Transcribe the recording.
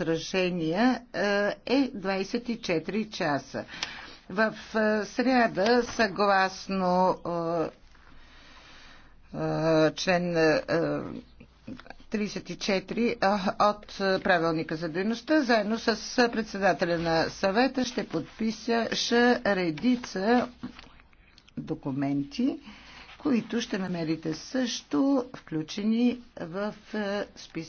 Сражения е 24 е часа. В е, среда, съгласно е, член 34 от правилника за дейността, заедно с председателя на съвета ще подпиша редица документи, които ще намерите също включени в списък.